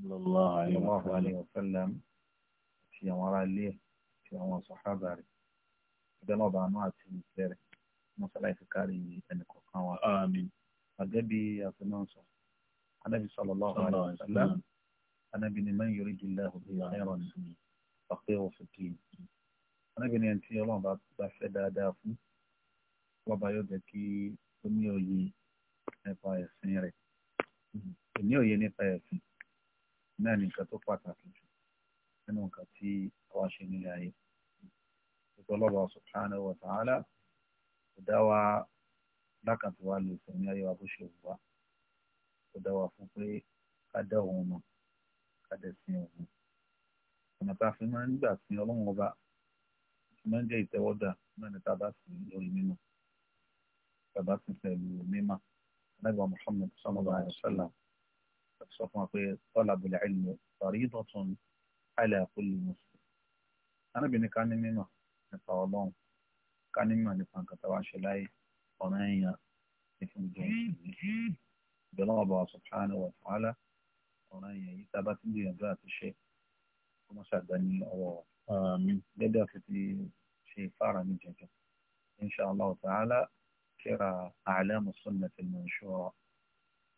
sallallahu alayhi wa sallam ti àwọn ará ilé ti àwọn sọ̀hábà rẹ̀ ìdánwòbá àánú àti ìfẹ́ rẹ̀ mọ́sálásí kárí ẹnìkọ̀ọ̀kan wa. gẹ́gẹ́ bí àtúnáṣọ anábì sallallahu alayhi wa sallam anábì ni man yuridillahu bihi khayran faqihu fi ddin anábì ni ẹni tí ọlọ́run bá fẹ́ dáadáa fún wọ́n bá yóò jẹ́ kí ó ní òye nípa ẹ̀sìn rẹ̀ èmi òye nípa ẹ̀sìn náà ní nǹkan tó pàtàkì jù nínú nǹkan tí àwa ṣe nílé ayé ìtọ́lọ́ba subhanahu wa ta'ala kò dá wa lákàtí wa lè fẹ̀mí ayé wa bó ṣe wù wá kò dá wa fún pé ká dá òun mọ̀ ká dẹ̀ sin òun ọ̀nà tá a fi máa ń gbà sin ọlọ́run ọba máa ń jẹ́ ìtẹ́wọ́gbà náà ni tá a lórí mímọ́ tá a pẹ̀lú mímọ́ anábìwá Muhammad sallallahu alaihi wasallam sọ fún wa pé talabul ilmi faridatun ala kulli muslim arábìnrin ká ní mímọ̀ nípa ọlọ́run ká ní mímọ̀ nípa nǹkan tá a wá ṣe láyé ọ̀nà èèyàn ní fún gbogbo ìṣẹ̀lẹ̀ ìbẹ̀rẹ̀ wọn bá wa subhanahu wa ta'ala ọ̀nà èèyàn yìí tá a bá ti gbìyànjú àti ṣe kó mọ́ ṣàgbá ní ọwọ́ gẹ́gẹ́ àti ti ṣe ìfára ní jẹjẹrẹ insha Allah ta'ala kíra a'lamu sunnati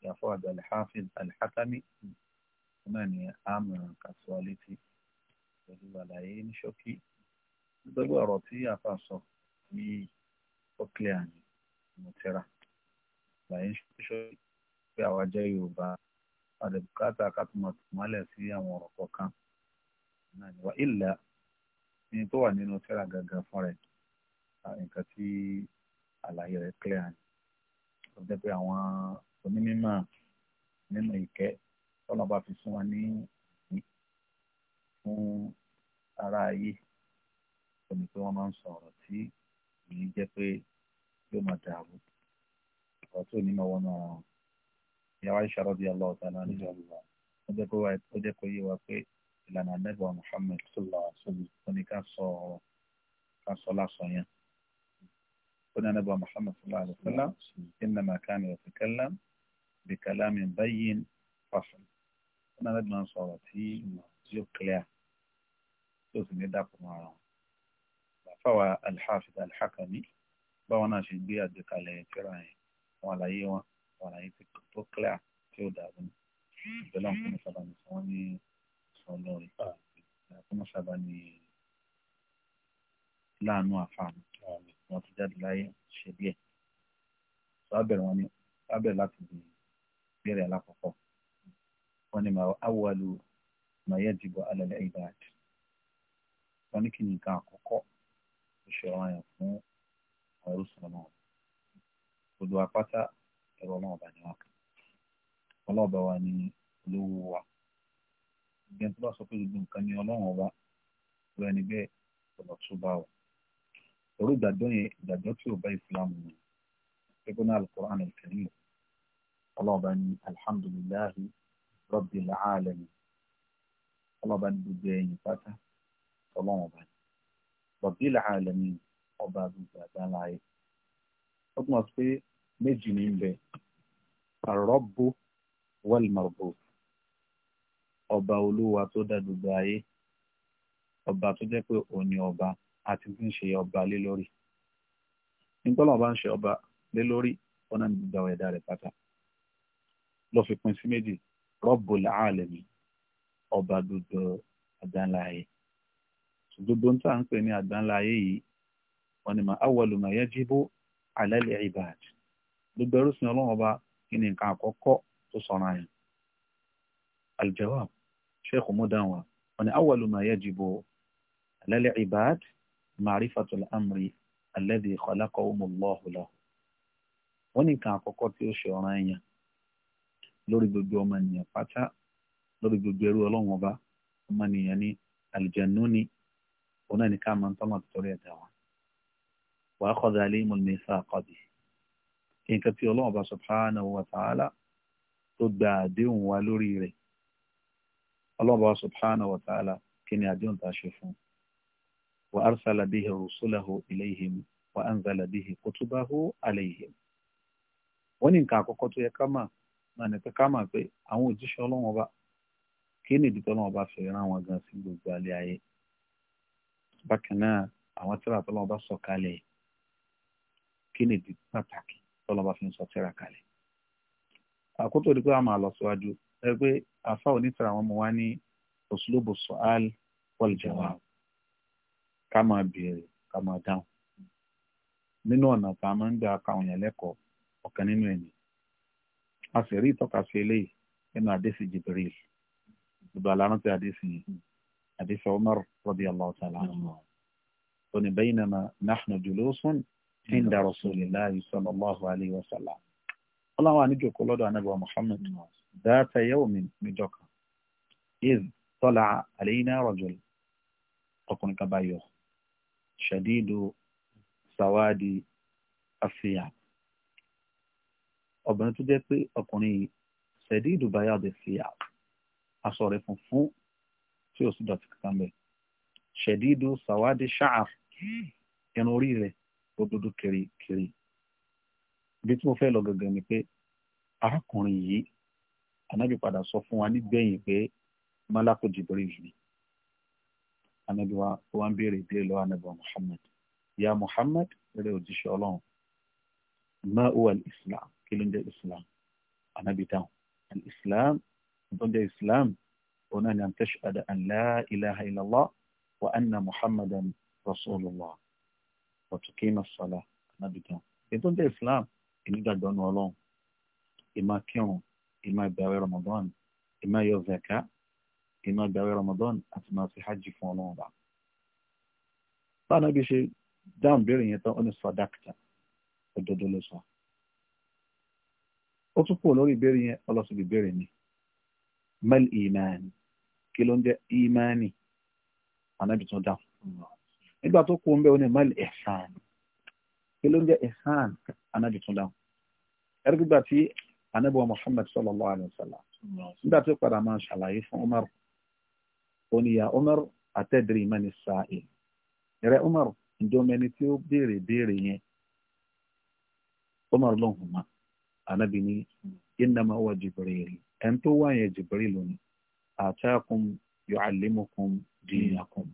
ìyàfọ́ àgbà alhafiz alhakami náà ni àmọ̀ràn kàṣọ́ létí pẹ̀lú àlàyé ní ṣókí nítorí ọ̀rọ̀ tí àfa sọ ní ọ́kílẹ̀ àní mọ̀tẹ́ra àlàyé ní ṣókí pé àwa jẹ́ yorùbá àdèbùkátà kàtúmọ̀tò mọ́lẹ̀ sí àwọn ọ̀rọ̀ kọ̀ọ̀kan náà ni wà ilà ní tó wà nínú tẹ́ra gangan fún rẹ̀ nǹkan tí àlàyé rẹ̀ kílẹ̀ àní. ó jẹ́ pé àwọn onímọ̀ nínú ìkẹ́ tọ́lọ́ba fi fún wa ní fún ara ayé omi pé wọ́n máa ń sọ ọ̀rọ̀ tí èyí jẹ́ pé yóò máa dààmú ọ̀rọ̀ tí ò ní máa wọnú ara wọn. ìyàwó Aisha radiyallahu ta'ala nínú ọ̀rọ̀ ó jẹ́ kó yé wa pé ìlànà anẹ́bọ̀ Muhammad sallallahu alaihi wasallam ká sọ ọ̀rọ̀ ká sọ lásán yẹn. ó ní anẹ́bọ̀ Muhammad sallallahu alaihi wasallam innama kana yatakallam bìkàlámì báyìí fàfún wọn náà lọ́dún máa sọ̀rọ̀ tí ìmọ̀ tí ó clear tí ó sì ní dàpọ̀ mọ́ ara wọn. bàfáwa alhafiz alhakami báwọn náà ṣe gbé àgbékalẹ̀ ìtura yẹn wọn àlàyé wọn wọn àlàyé tó clear tí ó dàbọ̀ ní ìbẹ̀lẹ̀ ọ̀hún ní sábà ní sọ wọ́n ní sọ lọ́ọ̀rì ọ̀hún sábà ní láàánú àfààní wọn ti jáde láyé ṣe díẹ̀ sábẹ̀rẹ̀ wọn ni sábẹ̀rẹ̀ láti bìí bẹ̀rẹ̀ alákọ̀ọ́kọ́ wọ́n ní màá awwalu ma yajibu ala al-ibad wọ́n ní kí ni nǹkan àkọ́kọ́ tó ṣe ọ̀ràn yẹn fún ọ̀rọ̀ sọ̀rọ̀ gbogbo apáta ẹ̀rọ ọlọ́ọ̀bà ni wọn kàn ọlọ́ọ̀bà wa ni olówó wa ìgbẹ́ni tó bá sọ pé gbogbo nǹkan ni ọlọ́run wa lọ́wọ́ ẹni bẹ́ẹ̀ ọ̀nà tó bá wà ọ̀rọ̀ ìgbàgbọ́ yẹn ìgbàgbọ́ tí ò bá ìfúlámù ni ẹgbẹ́ náà al-Qur'an al-Karim ọlọ́ọ̀bá ní alhamdulillahi rabbil alamin ọlọ́ọ̀bá ní gbogbo ẹ̀yìn pátá ọlọ́ọ̀bá ní rabbil alamin ọba gbogbo àgbáńlá ayé ó tún wá pé méjì ní bẹ ar-rabbu wal-marbub ọba olúwa tó dá gbogbo ayé ọba tó jẹ́ pé òní ọba àti tí ń ṣe ọba lé lórí nígbà wọn bá ń ṣe ọba lé lórí wọn náà ń gbà ẹ̀dá rẹ̀ pátá ló fi pín sí méjì Rabbul Alamin ọba gbogbo àdánláyé gbogbo tá à ń pè ní àdánláyé yìí wọn ni mà awwalu ma yajibu ala al-ibad gbogbo ẹrúsìn ọlọ́run ọba kí ni nǹkan àkọ́kọ́ tó sọ̀rọ̀ àyàn al-jawab sheikh mudanwa wọn ni awwalu ma yajibu ala al-ibad ma'rifatu al wọn ni nǹkan àkọ́kọ́ tí ó ṣe ọ̀ràn lórí gbogbo ọmọnìyàn pátá lórí gbogbo ẹrú ọlọ́run ọba ọmọnìyàn ní àlùjànnú ni òun náà ní ká máa ń tọ́mọ̀ torí ẹ̀dá wa wàá kọ́dà alẹ́ ìmọ̀lẹ́ ìfẹ́ àkọ́bí kí nǹkan tí ọlọ́run ọba subhanahu wa ta'ala tó gba àdéhùn wa lórí rẹ̀ ọlọ́run ọba subhanahu wa ta'ala kí ni àdéhùn tá a ṣe fún wa arsala bihi rusulahu ilayhim wa anzala bihi kutubahu alayhim wọ́n ní nǹkan àkọ́kọ́ tó yẹ ká máa náà nìkan ká mà pé àwọn òjíṣẹ́ ọlọ́run ọba kí ni ìdí tọ́lọ́run ọba fi rán wọn gan sí gbogbo alẹ́ ayé bákan náà àwọn tíra tọ́lọ́run sọ kalẹ̀ kí ni ìdí pàtàkì fi ń sọ tíra kalẹ̀ àkótó pé a máa lọ síwájú ẹ pé àfa àwọn ọmọ wa ní òṣùlóbù a sì rí ìtọ́ka sí eléyìí nínú àdéhùn Jibril gbogbo alárántí àdéhùn àdéhùn Umar radiyallahu ta'ala anhu tó ní baynama nahnu julusun inda rasulillahi sallallahu alayhi wa sallam ọlọ́wọ́ àníjòkó lọ́dọ̀ anábọ̀ Muhammad dáta yawmin níjọ kan iz tọ́lá alayna rajul ọkùnrin kan bá yọ sawadi afiyab obìnrin tó jẹ́ pé ọkùnrin yìí ṣẹ̀dí ìdùbáyà ọ̀dẹ̀ sí à aṣọ rẹ̀ funfun tí ò sí dọ̀tí kankan bẹ̀ ṣẹ̀dí ìdù sàwádì ṣáàf irun orí rẹ̀ ó dúdú kirikiri ibi tí mo fẹ́ lọ gangan ni pé arákùnrin yìí anábì padà sọ fún wa nígbẹ̀yìn pé malako jibril ni anábì wa wa ń béèrè ìbéèrè lọ́wọ́ anábì wa muhammad ya muhammad òjíṣẹ́ ọlọ́run ma islam kí ló ń jẹ́ islam anabi dáhùn islam tó ń jẹ́ islam òun náà ni an tashhada an la ilaha illallah wa anna muhammadan rasulullah wa tuqima as-salah anabi dáhùn èyí tó ń jẹ́ islam ìnígbàgbọ́ nu ọlọ́run ìmá kírun ìmá ìgbàwẹ̀ ramadan ìmá yọ zaka ìmá ìgbàwẹ̀ ramadan àti máa fi hajj fún ọlọ́run bá. báwo ni bí ṣe dáhùn béèrè yẹn tán ó ní sọdáàkítà òdodo ló sọ. ó tún kúrò lórí ìbéèrè yẹn ọlọ́sùn ìbéèrè ni mal iman kí ló ń jẹ́ imani ànábì tún dáhùn nígbà tó kú ń bẹ́ ó ní mal ihsan kí ló ń jẹ́ ihsan ànábì tún dáhùn ẹ̀rí gbígbà tí ànábì wa Muhammad sallallahu alayhi wa sallam nígbà tó padà máa ṣàlàyé fún Umar ó Umar atadri man as-sa'il rẹ Umar ǹjọ́ tí ó béèrè béèrè yẹn Umar ló máa anabi ni innama huwa jibril ẹn tó wá yẹn jibril lónìí àtàkùn yu'allimukum dinakum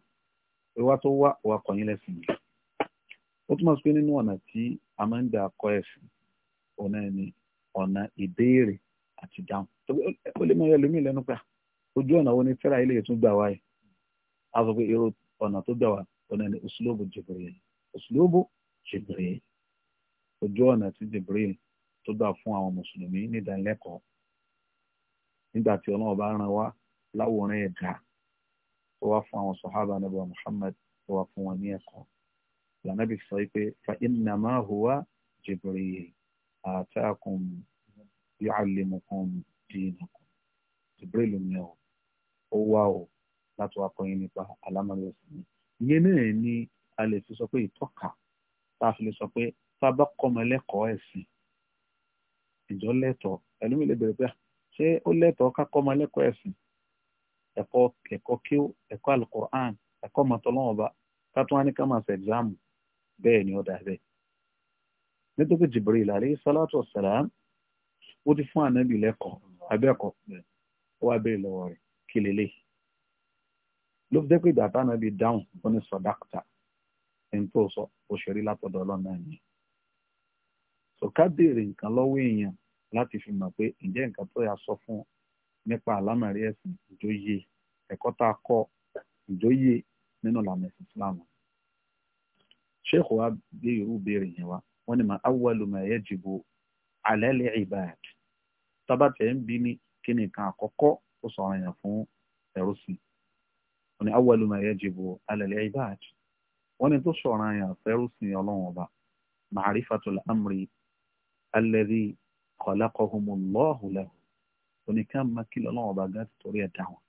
ìwà tó wá wà kọ̀yìn lẹ́sìn yìí ó túmọ̀ sí pé nínú ọ̀nà tí a máa ń gbà kọ́ ẹ̀sìn ọ̀nà ẹni ọ̀nà ìbéèrè àti dáhùn ó lè mọ ẹlòmíì lẹ́nu pé ojú ọ̀nà wo ni fẹ́ra ilé tún gbà wáyé a sọ pé irú ọ̀nà tó gbà wá ọ̀nà ni uslubu jibril uslubu jibril ojú ọ̀nà tí jibril tó gbà fún àwọn mùsùlùmí ní ìdánilẹ́kọ̀ọ́ nígbà tí ọlọ́run bá rán wa láwòrán ẹ̀dá tó wá fún àwọn sọ̀hábà nàbà muhammad tó wá fún wọn ní ẹ̀kọ́ lànàbì sọ pé fa innama huwa jibril atakum yu'allimukum dinakum jibril ni ọ ó wá o láti wá kọ́ yín nípa alámọ̀lẹ́ ìsìn ìyẹn náà ni a lè fi sọ pé ìtọ́ka tá a fi lè sọ pé tá kọ́ ọmọ ẹlẹ́kọ̀ọ́ ẹ̀sìn ìjọ lẹ́tọ̀ọ́ ẹlòmíì lè bẹ̀rẹ̀ pé ah, ṣé ó lẹ́tọ̀ọ́ kákọ́ ọmọ ẹlẹ́kọ̀ọ́ ẹ̀sìn ẹ̀kọ́ ẹ̀kọ́ kí ó ẹ̀kọ́ alukur'an ẹ̀kọ́ mọ̀tọ́lọ́wọ́ba kátó wani ká máa ṣe ẹ̀gzáàmù bẹ́ẹ̀ ni ó dà bẹ́ẹ̀. nítorí Jibril alayhi salatu wassalam ó ti fún ànábì lẹ́kọ̀ọ́ abẹ́ẹ̀kọ́ ó wá bẹ́ẹ̀ lọ́wọ́ rẹ̀ kí lélẹ̀. ló fi jẹ́ pé ìgbà tánábì ọ̀ká béèrè nǹkan lọ́wọ́ èèyàn láti fi mọ̀ pé ǹjẹ́ nǹkan tó yà sọ fún nípa àlámọ̀rí ẹ̀sìn ìjòyè ẹ̀kọ́ tá a kọ́ ìjòyè nínú ìlànà ẹ̀sìn Islam. wa gbé irú béèrè yẹn wa wọ́n ní ma awwalu ma ibad tábàtẹ̀ ń bí ní kí ni nǹkan àkọ́kọ́ ó sọ fún ẹ̀rọ sí wọ́n ní ibad wọ́n ní tó fẹ́rù sí ọlọ́run ọba alẹ́rí kọ̀lákọ̀hùnmùlọ́ọ̀hùn lẹ́hùn oníkà máa kí lọ́lọ́wọ́ ọba gá ti torí ẹ̀ dáhùn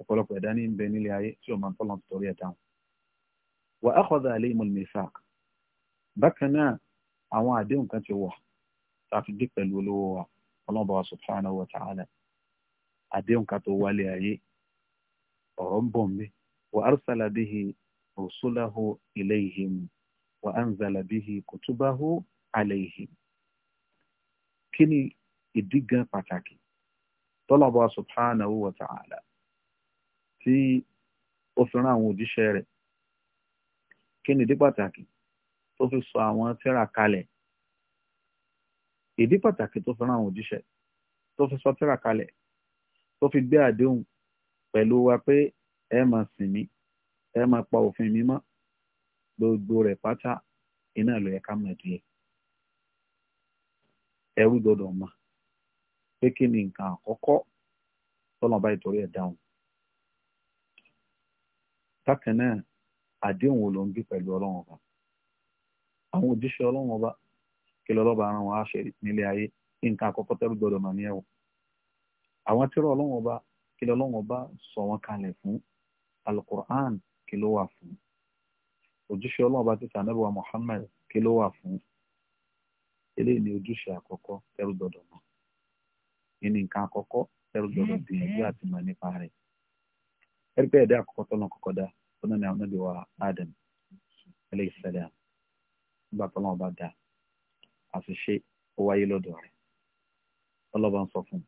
ọ̀pọ̀lọpọ̀ ẹ̀dá ní bẹ nílé ayé tí ọmọ tọ́lọ́ ti torí ẹ̀ dáhùn. wà á kọ́dà alẹ́ ìmọ̀ mẹ́fàk bákan náà àwọn àdéhùn kan ti wọ̀ láti dé pẹ̀lú olówó wa ọlọ́ba wa subhanahu wa ta'ala àdéhùn kan tó wálé ayé ọ̀rọ̀ ń bọ̀ mí wà arsala bihi rusulahu ilayhim wà anzala bihi kutubahu alayhim kí ni ìdí gan pàtàkì tọ́lọ́bà subhanahu wa ta'ala tí ó fi rán àwọn òjíṣẹ́ rẹ̀ kí ni ìdí pàtàkì tó fi sọ àwọn tírà kalẹ̀ ìdí pàtàkì tó fi rán àwọn òjíṣẹ́ tó fi sọ tírà kalẹ̀ tó fi gbé àdéhùn pẹ̀lú wa pé ẹ máa sìn mí ẹ máa pa òfin mi mọ́ gbogbo rẹ̀ pátá iná ló yẹ ká mọ̀ díẹ̀ ẹrú gbọdọ ma pé kí ni nǹkan àkọ́kọ́ tọ́lọ́ba ìtòrí ẹ̀ dáhùn bákan náà àdéhùn ló ń pẹ̀lú ọlọ́run ọba àwọn òjíṣẹ́ ọlọ́run ọba kí ara wọn á ṣe nílé ayé nǹkan ní sọ wọn fún alukur'an kí ló wà fún ọba kí ló eléyìí ni ojúṣe àkọ́kọ́ tẹ́rù gbọ́dọ̀ mọ̀ ìní nǹkan àkọ́kọ́ tẹ́rù gbọ́dọ̀ gbìyànjú àti mọ̀ nípa rẹ̀ ẹ̀rí ẹ̀dá àkọ́kọ́ tọ́lọ́ kọ́kọ́ dá ọ̀nà ni àwọn ọ̀nàbíwá Adam eléyìí sẹ́lẹ̀ nígbà tọ́lọ́ ọba dá àṣìṣe ó wáyé lọ́dọ̀ rẹ̀ ọlọ́ba ń sọ fún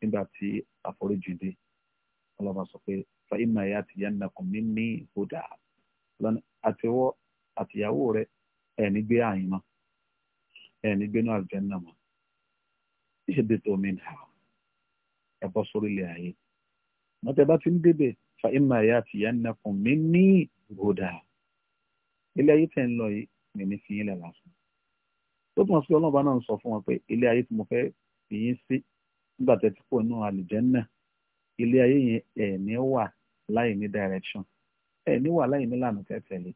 nígbà tí àforíjì dé ọlọ́ba sọ pé fa ìmọ̀ ẹ̀yà àtìyànnàkùn mímí ìhòdà àtiwọ́ àtìyàwó rẹ̀ ẹ̀ nígbé àyìn náà ẹni gbénú àlùjànnà mọ́ ìṣèdè tó mi nà ẹ bọ́ sórí ilé ayé mọ́tẹ́ bá ti ń débè fa imma ya'tiyannakum minni huda ilé ayé tẹ̀ ń lọ yìí mi ní fi yín lẹ̀ lásán tó tún sí ọlọ́ọ̀bá náà sọ fún wọn pé ilé ayé tí mo fẹ́ fi yín sí nígbà tẹ́ ti pò náà àlùjànnà ilé ayé yẹn ẹ̀ wà láì ní direction ẹ̀ wà láì ní lànà tẹ́tẹ̀lé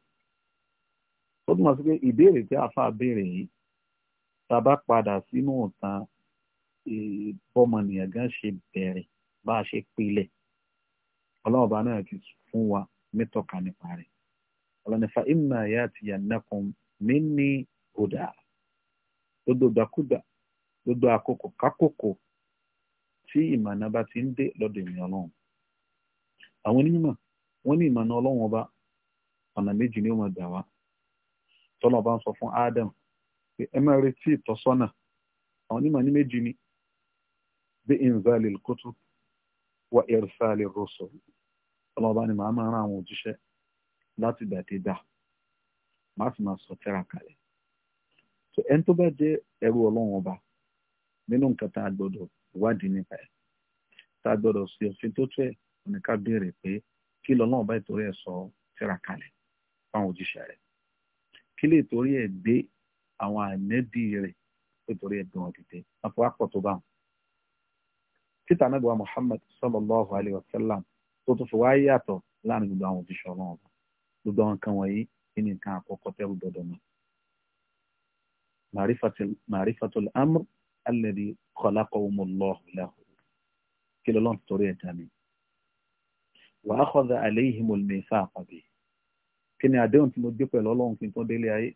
tó tún sí pé ìbéèrè tí àfa béèrè yìí ta bá padà sínú ìtàn bọ́mọnìyàn gan ṣe bẹ̀rẹ̀ bá a ṣe pilẹ̀ ọlọ́ọ̀bá náà ti fún wa mẹ́tọ̀ka nípa rẹ̀ ọlọ́nifá imma gbogbo gbàkúgbà gbogbo ti ń dé lọ́dọ̀ ènìyàn àwọn onímọ̀ wọ́n ní ìmọ̀nà ọba ọ̀nà méjì ni ó gbà wá bá ń sọ fún Adam ẹ máa retí ìtọ́sọ́nà àwọn onímọ̀ ní méjì ni bí inzali kutub wa irsali rusul ọlọ́ba ni màá máa rán àwọn òjíṣẹ́ láti dàdédà màá sì máa sọ tẹ́ra kalẹ̀ so ẹni tó bá jẹ́ ẹrú ọlọ́run ọba nínú nǹkan tá a gbọ́dọ̀ wádìí nípa ẹ̀ tá a gbọ́dọ̀ sí òfin tó tẹ́ ní ká béèrè pé kí lọ́nà ọba ìtòrí ẹ̀ sọ tẹ́ra kalẹ̀ fáwọn òjíṣẹ́ rẹ̀ kí lè torí ẹ̀ gbé àwọn ànẹ́bí rẹ̀ nítorí ẹ̀dùn ọ̀dìdẹ́ àfọwọ́ pọ̀ tó bá wọn. títà náà gba Muhammad sallallahu alayhi wa sallam tó tún fi wá yàtọ̀ láàrin gbogbo àwọn òjíṣẹ́ ọlọ́run ọba gbogbo àwọn nǹkan wọ̀nyí ní nǹkan àkọ́kọ́ tẹ́rù gbọdọ̀ mọ́. ma'rifatul amr alladhi khalaqahumullahu lahu kí lọ́lọ́run torí ẹ̀dá mi. wa akhadha alayhimul mithaqa bihi kí ni àdéhùn tí mo gbé pẹ̀lú ọlọ́run kí n tó délé ayé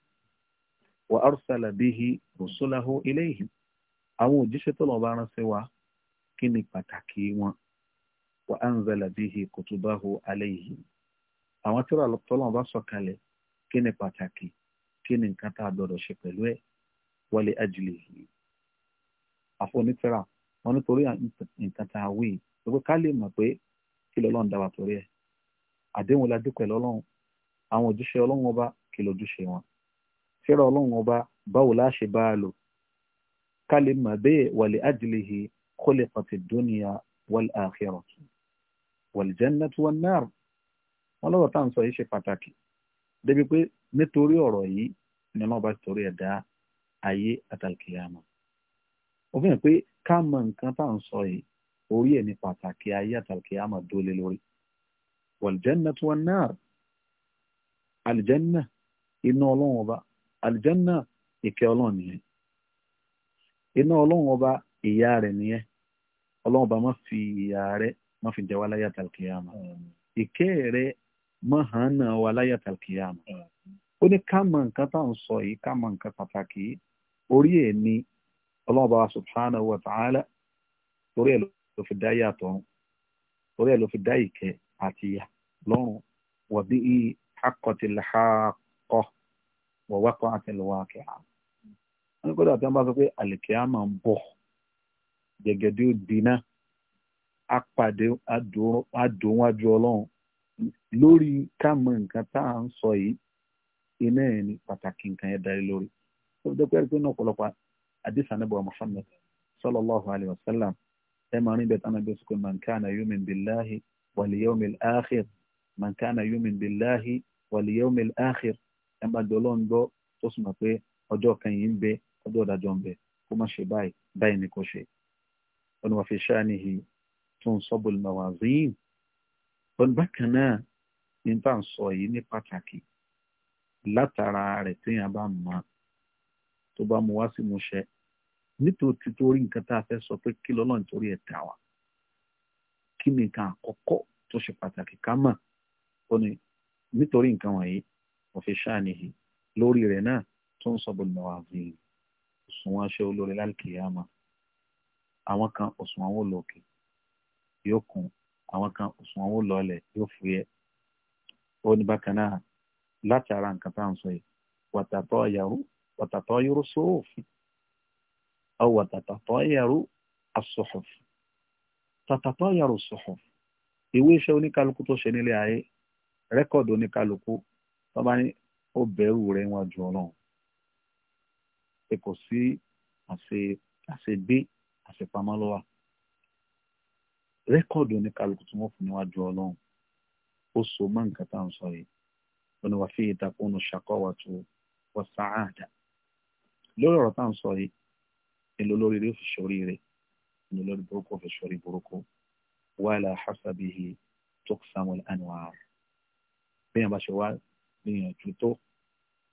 wa arsala bihi rusulahu ilayhim àwọn òjíṣẹ́ tó lọ́ba ránṣẹ́ wa kí ni pàtàkì wa anzala bihi kutubahu alayhim àwọn tí ọlọ́run bá sọ̀kalẹ̀ kí ni pàtàkì kí ni nǹkan tá a gbọ́dọ̀ ṣe pẹ̀lú ẹ̀ wọlé a wí pé ká lè pe pé wa la síra ọlọ́run ọba báwo la ṣe bá a lò ká lè mọ̀ bẹ́ẹ̀ wàlẹ̀ ajlihi khuliqati dunya wal akhirati wal jannatu wan nar wọn lọ́wọ́ tá à ń sọ yìí ṣe pàtàkì débi pé nítorí ọ̀rọ̀ yìí ni wọn bá torí ẹ̀ dá ayé àtàlùkìyàmọ̀ ó pé ká mọ nǹkan tá à ń sọ yìí orí ẹ̀ ní pàtàkì ayé àtàlùkìyàmọ̀ dólé lórí wal jannatu wan nar àlìjẹ́nà iná ọlọ́run ọba àlìjánà ìkẹ́ ọlọ́run nìyẹn iná ọlọ́run ọba ìyá rẹ̀ nìyẹn ọlọ́run ọba má fi ìyá rẹ̀ má fi jẹ wá láyà tàlkìyàmà ìkẹ́ rẹ̀ má hàn náà wá láyà tàlkìyàmà ó ní ká mọ nǹkan tá à ń sọ yìí ká mọ nǹkan pàtàkì yìí orí ẹ̀ ni ọlọ́run ọba subhanahu wa ta'ala orí ẹ̀ ló fi dá yàtọ̀ orí ẹ̀ ló fi dá ìkẹ́ àti ìyà lọ́run wàbí haqqatil haqq wọ̀ wákọ̀ àti lọ́wọ́ akẹ́hà wọn ní kódà tí wọn bá sọ pé àlìkíyàmà ń bọ̀ gẹ́gẹ́dẹ́ òdìnnà apàdé adùnwájú ọlọ́run lórí káàmù nǹkan tá à ń sọ yìí iná ẹ̀ ní pàtàkì nǹkan ẹ̀ darí lórí tó fi dẹ́pẹ́ pé náà ọ̀pọ̀lọpọ̀ àdìsánẹ́bọ̀ Muhammad sallallahu alayhi wa sallam ẹ̀ máa rìn bẹ́ẹ̀ tánà bí sùkúl man kana yumin billahi wal yawmil akhir man kana yumin billahi wal yawmil akhir ẹ bá jọ lọ́n gbọ́ tó sì mọ̀ pé ọjọ́ kan yìí ń bẹ ọjọ́ ìdájọ́ ń bẹ kó má ṣe báyìí báyìí ni kò ṣe. wọn ni wàá fi ṣáàní yìí tún sọ́bùl mawazin wọn bákan náà ní bá ń sọ yìí ní pàtàkì látara rẹ̀ téèyàn bá mọ̀ tó bá mu wá sí mu ṣe nítorí torí nǹkan tá a fẹ́ sọ pé kí lọ́lọ́ nítorí ẹ̀ tà wá kí ni nǹkan àkọ́kọ́ tó ṣe pàtàkì ká mọ̀ ó ní nítorí nǹkan wọ̀nyí وفي شأنه لوري رنا تنصب المواضيع òṣùwọ̀n aṣọ olórí lálùkìyàmà àwọn kan òṣùwọ̀n àwọn olóòkè yóò kún àwọn kan òṣùwọ̀n àwọn olóòlẹ̀ yóò fúyẹ́ ó ní bákan náà láti ara nǹkan tá à ń sọ yìí wàtàtọ̀ yàrú wàtàtọ̀ yòrò sóòfì ọ wàtàtọ̀ yàrú asòfòf tàtàtọ̀ yàrú sòfòf ìwé iṣẹ́ oníkálukú tó ṣe nílé ayé rẹ́kọ̀dù oníkálukú tó bá ní ó bẹ̀rù rẹ̀ níwájú ọlọ́run pé kò sí àṣegbé àṣepamọ́ lọ́wọ́ rẹ́kọ̀dù oníkàlùkù tí wọ́n fún níwájú ọlọ́run ó so mọ́ nǹkan tá à ń sọ yìí ó ní wàá fi ìtakùn ṣàkọ́wà tó wọ́n sááàdà lórí ọ̀rọ̀ tá à ń sọ yìí èlò lórí rẹ̀ fi ṣorí rẹ̀ èlò lórí burúkú fi ṣorí burúkú wàhálà hasabihi tó sàmúlẹ̀ àníwá bẹ́ẹ̀ bá ṣe wá gbìyànjú tó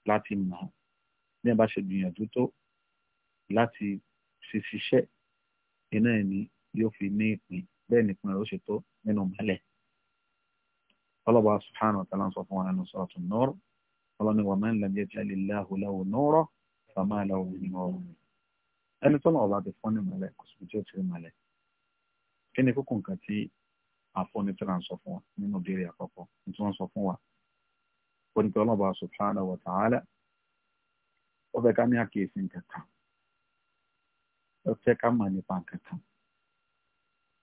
láti mọ̀ bí a bá ṣe gbìyànjú tó láti ṣe ṣiṣẹ́ iná ẹ̀ ní yóò fi ní ìpín bẹ́ẹ̀ nìpín rẹ̀ ó ṣe tó nínú mọ́lẹ̀. Allah subhanahu wa ta'ala sọ fún wa nínú Suratun Nur Allah ni wa man lam yaj'alillahu lahu nuran fama lahu min nurin. ẹni tó náà wà ti ti fún wa oníkẹ́ ọlọ́ba subhanahu wa ta'ala ó fẹ́ ká ní àkíyèsí nǹkan ó fẹ́ ká mà nípa nǹkan kan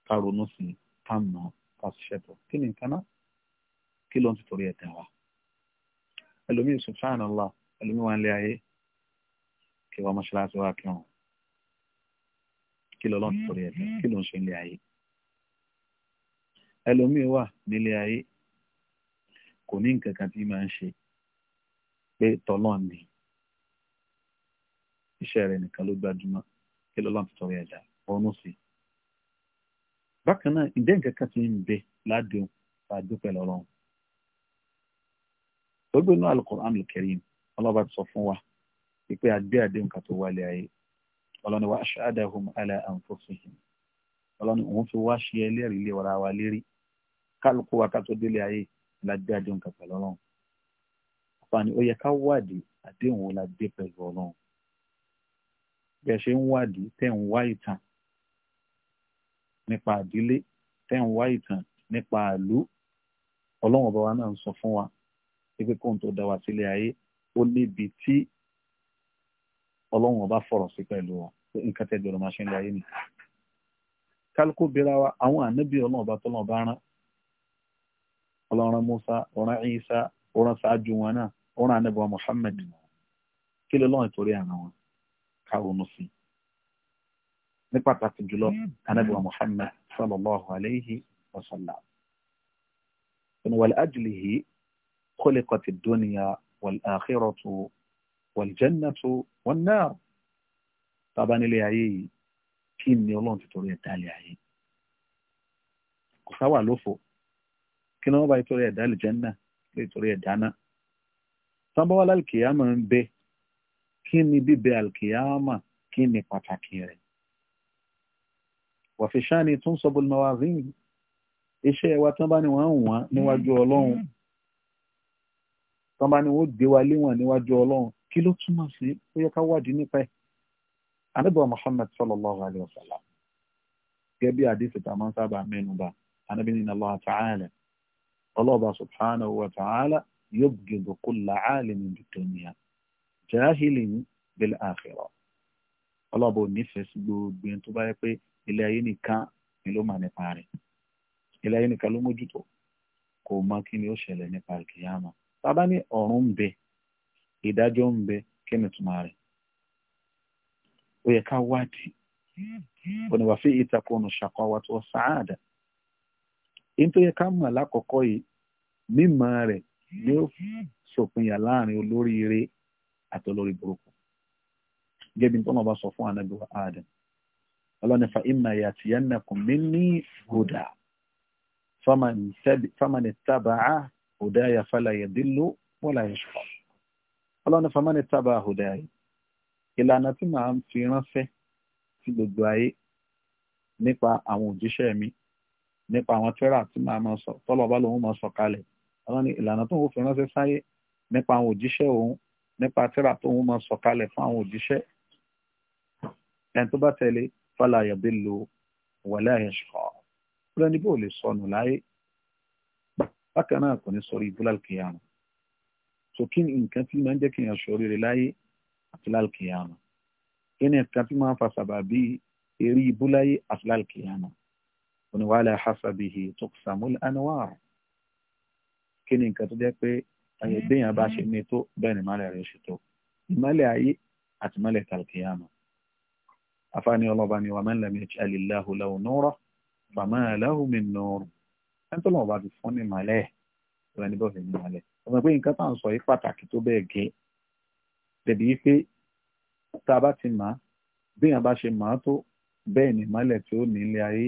ká ronú sí i ká mọ̀ ká ṣiṣẹ́ bọ̀ kí ni nǹkan náà kí ló ń tìtorí ẹ̀ tẹ̀ wá ẹlòmíì subhanallah ẹlòmíì wà ń lé ayé kí wọ́n mọ́ṣáláṣí wá kí wọn kí ló lọ́n tìtorí ẹ̀ tẹ̀ kí ló ń ṣe ń lé ayé ẹlòmíì wà nílé ayé kò ní nǹkan kan tí máa ń ṣe pé tọ́lọ́ ni iṣẹ́ rẹ̀ nìkan ló gbajúmọ̀ kí lọ́lọ́ ti tọrọ ẹ̀dá ọ̀nù sí. bákan náà ìdẹ́ nǹkan kan ti ń bẹ ládùn àdúpẹ́ lọ́lọ́run. gbogbo inú Al-Qur'an Al-Karim ọlọ́ba ti sọ fún wa pé àgbé àdéhùn kan tó wálé ayé ọlọ́ni wa ashadahum ala anfusihim ọlọ́ni òun fi wá ṣe ẹlẹ́rìí lé wàrà wa lérí kálukú wa ká tó délé ayé la dé àdéhùn kan pẹ̀lú ọlọ́run àfààní ó yẹ ká wádìí àdéhùn wo la dé pẹ̀lú ọlọ́run bí ẹ ṣe ń wádìí tẹ̀ ń wá ìtàn nípa àdílé tẹ̀ ń wá ìtàn nípa àlú ọlọ́run ọba wa náà ń sọ fún wa pé kóhun tó dá wa sílé ayé ó níbi tí ọlọ́run ọba fọ̀rọ̀ sí pẹ̀lú wa nǹkan tẹ́ gbọ́dọ̀ máa ṣe ń lọ ayé nìkan kálukú bíra wa àwọn ànábì ọlọ́run ọba tọ́lọ́run ọba rán ọlọ́run musa ọ̀ràn isa ọ̀ràn ṣáájú wọn náà ọ̀ràn anábọ̀ muhammed kí ló lọ́run torí àná wọn káwọn sí ní pàtàkì jùlọ anábọ̀ muhammed sallallahu alayhi wa sallam ولأجله خلقت الدنيا والآخرة والجنة والنار طبعا ilé ayé yìí kí ni ọlọ́run ti torí ẹ̀dá ilé ayé kò sáwà lófo kí ni wọ́n bá ìtorí ẹ̀dá àlìjẹ́nà lè torí ẹ̀dá náà sábàwá lálùkìyàmọ̀ ń bẹ kí ni bíbẹ àlùkìyàmọ̀ kí ni pàtàkì rẹ̀ wàfíṣáni tún sọ́bùn mawazin iṣẹ́ wa tán bá ní wọ́n ń wọ́n níwájú ọlọ́run tán bá ní wọ́n gbé wa léwọ̀n níwájú ọlọ́run kí ló túmọ̀ sí ó yẹ ká wádìí nípa ẹ̀ anábọ̀ muhammad sallallahu alayhi wa sallam gẹ́gẹ́ bí àdìsí tá máa ń sábà mẹ́nu bà anábìnrin Allah ta'ala ọlọ́ọ̀bá subhanahu ụwa ta'ala yubgidu kulla alimin bid dunya jahilin bil akhirah ọlọ́ọ̀bá ò nífẹ̀ẹ́ sí gbogbo ẹni tó bá yẹ pé ilé ayé nìkan ni ló máa nípa rẹ̀ ilé ayé nìkan ló mójútó kò mọ kí ni ó ṣẹlẹ̀ nípa ní ọ̀run ń bẹ ìdájọ́ ń bẹ kí ni rẹ̀ ó yẹ ká wádìí òní wàá fi ìtakùn ṣàkọ́wà tó èyí tó yẹ ká mọ̀ lákọ̀ọ́kọ́ yìí mímọ̀ rẹ̀ ni ó ṣòpinya láàrin olóríire àti olórí burúkú gẹ́gẹ́ bí tọ́nà bá sọ fún ànábì wa Adam ọlọ́ni fa imma yatiyannakum minni huda faman ittaba'a hudaya fala yadillu wala yashqa ọlọ́ni faman ittaba'a hudaya ìlànà tí màá fi ránṣẹ́ sí gbogbo ayé nípa àwọn òjíṣẹ́ mi nípa àwọn tírà tí màá máa sọ tọ́lọ̀ bá lòun máa sọ kalẹ̀ ọlọ́run ní ìlànà tó ń fi ránṣẹ́ sáyé nípa àwọn òjíṣẹ́ òun nípa tírà tó ń máa sọ kalẹ̀ fún àwọn òjíṣẹ́ ẹni tó bá tẹ̀lé fala yadillu wala yashqa kúlẹ̀ níbo lè sọnù láyé bákan náà kò ní sọrí ìbúlálkìyàmù so kí ni nǹkan tí máa ń jẹ́ kí èèyàn sọ rere láyé àti lálkìyàmù kí ni nǹkan tí máa ń fa sàbàbí eré ìbúláyé àti lálkìyàmù oníwàlẹ̀ hasabihi tuqsamul anwar kí ni nǹkan tó jẹ́ pé ayé mm-hmm. béèyàn bá ṣe ní tó bẹ́ẹ̀ ni ìmọ̀lẹ̀ rẹ̀ ṣe tó ìmọ̀lẹ̀ ayé àti ìmọ̀lẹ̀ kàlùkìyàmù afáàní ọlọ́ba ni wa man lam yaj'alillahu lahu nura fama lahu min nur ẹni tó lọ́wọ́ bá ti fún ní ìmọ̀lẹ̀ ìwà ní bọ́ọ̀fẹ̀ ní ìmọ̀lẹ̀ ọmọ pé nǹkan tá sọ yìí pàtàkì tó bẹ́ẹ̀ gé tẹ̀bí pé tá a bá ti mà á béèyàn bá ṣe mà tó bẹ́ẹ̀ ni ìmọ̀lẹ̀ tí ní ilé ayé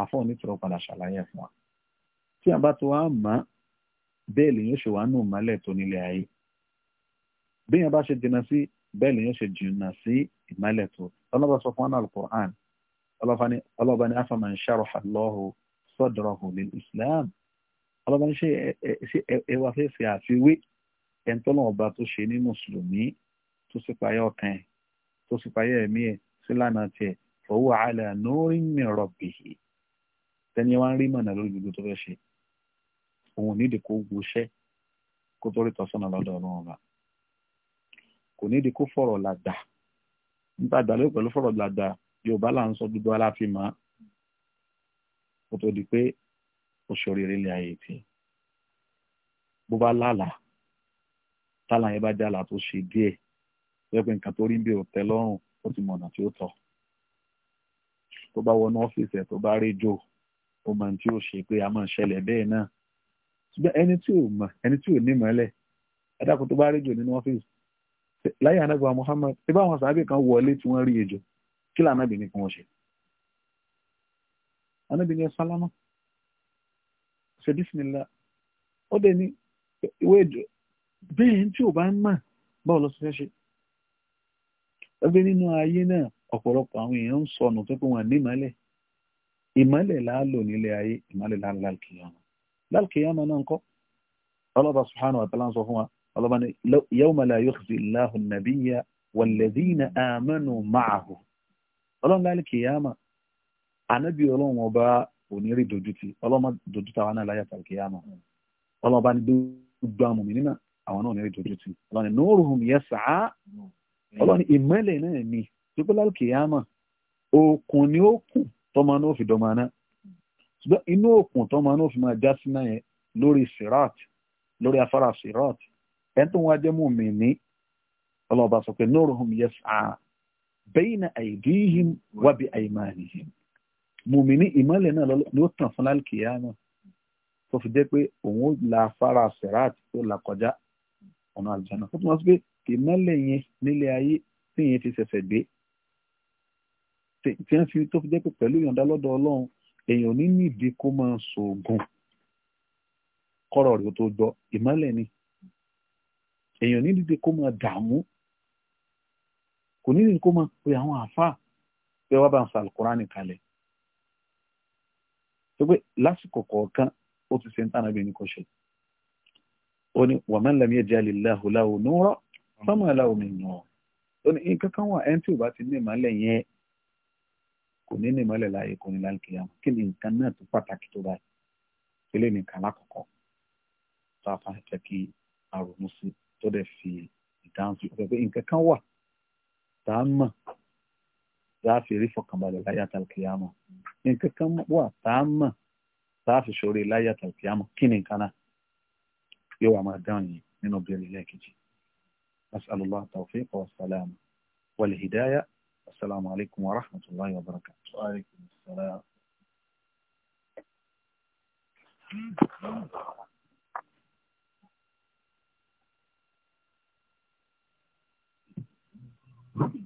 àfọ̀ nítorọ̀ padà ṣàlàyé fún wa tí a bá tó wá mọ̀ bẹ́ẹ̀ lè yóò ṣe wà nù mọ́lẹ̀ tó nílé ayé bí yẹn bá ṣe dènà sí bẹ́ẹ̀ lè yóò ṣe jìnnà sí ìmọ́lẹ̀ tó ọlọ́ba sọ fún alukur'an ọlọ́ba ní afaman sharaha Allahu sadrahu lil Islam ọlọ́ba ní ṣe ẹwà fẹ́ ṣe àfiwé ẹ̀ńtọ́lọ́wọ́ ọba tó ṣe ní mùsùlùmí tó sì payẹ́ ọkàn ẹ̀ tó sì payẹ́ ẹ̀mí ẹ̀ sílànà tiẹ̀ fọwọ́ ala nurin min rabbihi tẹ́ni wá ń rí mọ̀nà lórí gbogbo tó fẹ́ ṣe òun nídìí kó gboṣẹ́ kó tó rí tọ́sọ́nà lọ́dọ̀ ọlọ́run ọba kò nídìí kó fọ̀rọ̀ làgbà níta àgbà lóyún pẹ̀lú fọ̀rọ̀ làgbà yorùbá là ń sọ gbogbo aláfin mọ́ kó tó di pé oṣù oríire ilé ayé ti bó bá lálàá tálà yẹn bá jàlá tó ṣe díẹ̀ bẹ́ẹ̀ pé nǹkan tó rí bí òtẹ́ lọ́rùn ó ti mọ̀nà tí ó tọ́ tó bá wọnú ọ́fíìsì ẹ̀ tó bá rí jò ó ma tí ó ṣe pé a máa ṣẹlẹ̀ bẹ́ẹ̀ náà ṣùgbọ́n ẹni tí ò mọ ẹni tí ò ní tó bá nínú ọ́fíìsì láyé Muhammad ṣé bá sàábì kan wọlé tí wọ́n rí kila kí lànà bì ní kí wọ́n ṣe anábì ní sálámà ṣe bísímìlá ó dẹ̀ ní ìwé ejò bẹ́ẹ̀ tí ò bá ń mọ̀ báwo lọ sí ṣe ẹgbẹ́ nínú ayé náà ọ̀pọ̀lọpọ̀ àwọn ìmọ́lẹ̀ láàlò nílé ayé ìmọ́lẹ̀ láàlò lálkìyàmà lálkìyàmà náà kọ́ ọlọ́ba subhanahu wa ta'ala sọ fún wa ọlọ́ba ni yawma la yukhzi Allahu an-nabiyya wal-ladhina amanu ma'ahu ọlọ́run lálkìyàmà ànábì ọlọ́run ọba onírè dojúti ọlọ́mọ dojúta wa náà láyà tàlkìyàmà ọlọ́run ọba ni gbogbo àwọn mùmí nínà àwọn náà onírè dojúti ọlọ́run nuruhum yas'a ọlọ́run ìmọ́lẹ̀ náà ni pípẹ́ lálkìyàmà òkun ni ó kùn tọ́mọ náà fi dọ́mọ náà ṣùgbọ́n inú òkun tọ́mọ náà fi máa já sí náà yẹn lórí sirat lórí afárá sirat ẹni tó ń wájẹ́ mú mi ní ọlọ́ọ̀bá sọ pé nuruhum yas'a bayna aydihim wa bi aymanihim mùmìnì ìmọ̀lẹ̀ náà ni ó tàn fún lálùkìyà náà tó fi jẹ́ pé òun la afárá sirat tó là kọjá ọ̀nà àlùjáná ó túmọ̀ sí pé ìmọ̀lẹ̀ yẹn nílé ayé tí yẹn ti ṣẹ̀ṣẹ̀ gbé tí wọ́n fi tó fi jẹ́ pé pẹ̀lú ìyọ̀ǹda lọ́dọ̀ ọlọ́run èèyàn ní nídìí kó máa ṣoògùn kọ́rọ̀ rẹ̀ tó jọ ìmọ́lẹ̀ ni èèyàn ní nídìí kó máa dààmú kò ní nídìí kó máa pe àwọn àáfàá pé wọ́n bá ń sa alukurani kalẹ̀ tó pé lásìkò kọ̀ọ̀kan ó ti ṣe ń tànà bí ẹni kò ṣe ó ní wàmán lam yajalillahu lahu nura fama lahu min nur ó ní nǹkan wà ẹni tí ò bá ti ní ìmọ́lẹ̀ yẹn kò ní ní ìmọ́lẹ̀ láàyè kò ní láǹkì yàmù kí ni nǹkan náà tó pàtàkì tó báyìí kílé nìkan lákọ̀ọ́kọ́ tó a fàá jẹ́ kí àròmú sí tó dẹ̀ fi ìdáhùn sí ọ̀rọ̀ pé nǹkan kan wà tá a mọ̀ tá a fi rí fọkànbalẹ̀ láyé àtàlùkì nǹkan kan wà tá a mọ̀ tá a fi ṣòro láyé àtàlùkì kí ni nǹkan náà yóò wà máa dáhùn yìí nínú bẹ̀rẹ̀ lẹ́ẹ̀kejì. أسأل الله التوفيق والسلام والهداية السلام عليكم ورحمة الله وبركاته وعليكم السلام Thank you.